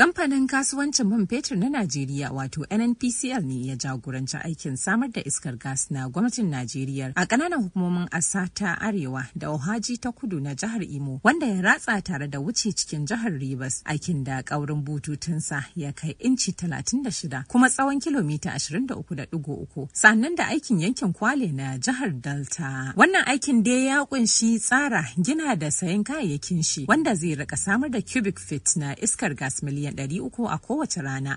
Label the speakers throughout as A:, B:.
A: Kamfanin kasuwancin man fetur na Najeriya wato NNPCL ne ya jagoranci aikin samar da iskar gas na gwamnatin Najeriya a ƙananan hukumomin Asa ta Arewa da Ohaji ta Kudu na jihar Imo wanda ya ratsa tare da wuce cikin jihar Rivers aikin da ƙaurin bututunsa ya kai inci 36 kuma tsawon kilomita 23.3 sannan da aikin yankin kwale na jihar Delta. Wannan aikin da ya kunshi tsara gina da sayan kayayyakin shi wanda zai rika samar da cubic feet na iskar gas miliyan miliyan 300 a kowace rana.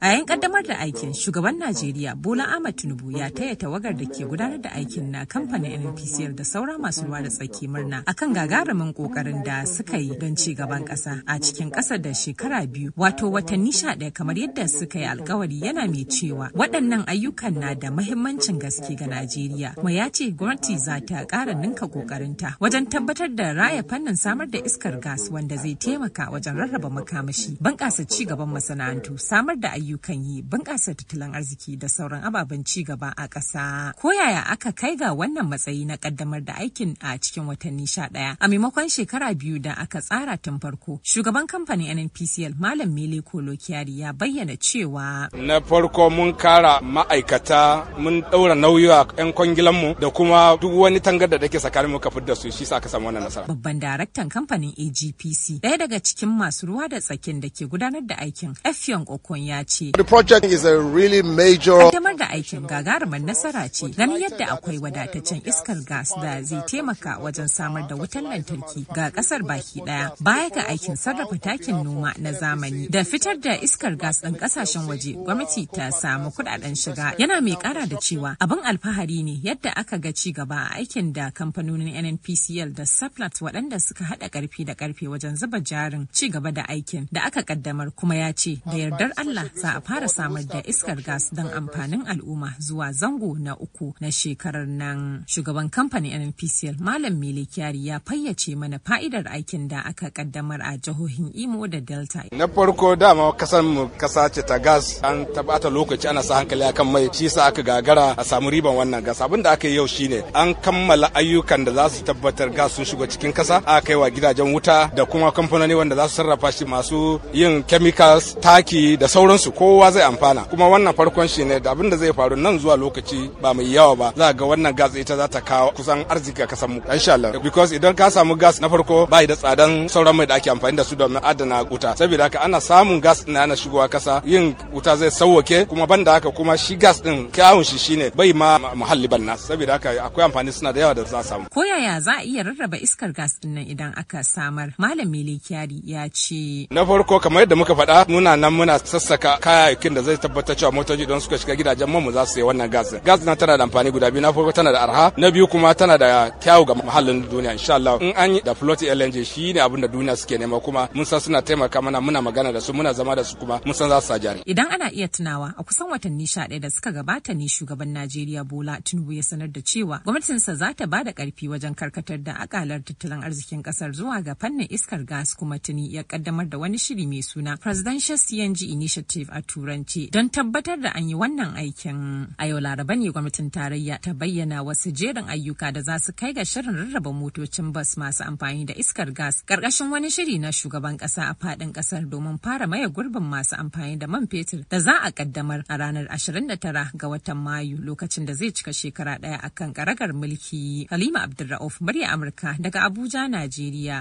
A: A 'yan kaddamar da aikin shugaban Najeriya Bola Ahmed Tinubu ya taya tawagar da ke gudanar da aikin na kamfanin NNPCL da saura masu ruwa da tsaki murna akan gagarumin kokarin da suka yi don ci gaban kasa a cikin kasa da shekara biyu wato watanni sha ɗaya kamar yadda suka yi alkawari yana mai cewa waɗannan ayyukan na da mahimmancin gaske ga Najeriya kuma ya ce gwamnati za ta ƙara ninka kokarinta wajen tabbatar da raya fannin samar da iskar gas wanda zai taimaka taimaka wajen rarraba makamashi bunƙasa ci gaban masana'antu samar da ayyukan yi bunƙasa tattalin arziki da sauran ababen ci gaba a ƙasa ko yaya aka kai ga wannan matsayi na ƙaddamar da aikin a cikin watanni sha ɗaya a maimakon shekara biyu da aka tsara tun farko shugaban kamfanin nnpcl malam mele kolo ya bayyana cewa
B: na farko mun kara ma'aikata mun ɗaura nauyiwa 'yan kwangilanmu da kuma duk wani tangar da ke tsakanin muka fidda su shi sa aka samu wannan nasara
A: babban daraktan kamfanin agpc ɗaya daga daga cikin masu ruwa da tsakin da ke gudanar da aikin Effiong Okon ya ce. The
B: project is a really major
A: Kaddamar da aikin gagarumar nasara ce ganin yadda akwai wadataccen iskar gas da zai taimaka wajen samar da wutan lantarki ga kasar baki daya baya ga aikin sarrafa takin noma na zamani da fitar da iskar gas ɗin kasashen waje gwamnati ta samu kudaden shiga yana mai kara da cewa abin alfahari ne yadda aka ga ci gaba a aikin da kamfanonin NNPCL da Saplat waɗanda suka haɗa ƙarfi da ƙarfe wajen zuba jari yarin ci gaba da aikin da aka kaddamar kuma ya ce da yardar Allah za a fara samar da iskar gas don amfanin al'umma zuwa zango na uku na shekarar nan. Shugaban kamfanin NNPCL Malam Mele Kyari ya fayyace mana fa'idar aikin da aka kaddamar a jihohin Imo da Delta.
B: Na farko dama kasan mu kasa ce ta gas an tabata lokaci ana sa hankali akan mai shi sa aka gagara a samu riban wannan gas abin da aka yi yau shine an kammala ayyukan da za su tabbatar gas sun shigo cikin kasa aka kai wa gidajen wuta da kuma kamfanoni ne wanda za su sarrafa shi masu yin chemicals taki da sauransu kowa zai amfana kuma wannan farkon shi ne da abin da zai faru nan zuwa lokaci ba mai yawa ba za ga wannan gas ita za ta kawo kusan arziki ka kasan mu insha Allah because idan ka samu gas na farko ba da tsadan sauran mai da ake amfani da su domin adana wuta saboda haka ana samun gas din ana shigowa kasa yin wuta zai sauwake kuma banda haka kuma shi gas din kyawun shi shine bai ma muhalli banna saboda haka akwai amfani suna da yawa da za samu
A: ko yaya za a iya rarraba iskar gas din nan idan aka samar malam milikiya Kyari ya
B: ce. Na farko kamar yadda muka faɗa muna nan muna sassaka kayayyakin da zai tabbatar cewa motoci don suka shiga gidajen mu za su yi wannan gas. Gas na tana da amfani guda biyu na farko tana da arha na biyu kuma tana da kyawu ga muhallin duniya insha Allah in an yi da float LNG shi ne abin da duniya suke nema kuma mun san suna taimaka mana muna magana da su muna zama da su kuma mun san za su sa jari.
A: Idan ana iya tunawa a kusan watanni sha ɗaya da suka gabata ne shugaban Najeriya Bola Tinubu ya sanar da cewa gwamnatinsa za ta ba da ƙarfi wajen karkatar da akalar tattalin arzikin ƙasar zuwa ga fannin iskar gas kuma matuni ya kaddamar da wani shiri mai suna Presidential CNG Initiative a Turanci don tabbatar da an yi wannan aikin. A yau Laraba ne gwamnatin tarayya ta bayyana wasu jerin ayyuka da za su kai ga shirin rarraba motocin bus masu amfani da iskar gas karkashin wani shiri na shugaban kasa a fadin kasar domin fara maye gurbin masu amfani da man fetur da za a kaddamar a ranar 29 ga watan Mayu lokacin da zai cika shekara daya akan karagar mulki. Halima Abdulrauf murya Amurka daga Abuja, Najeriya.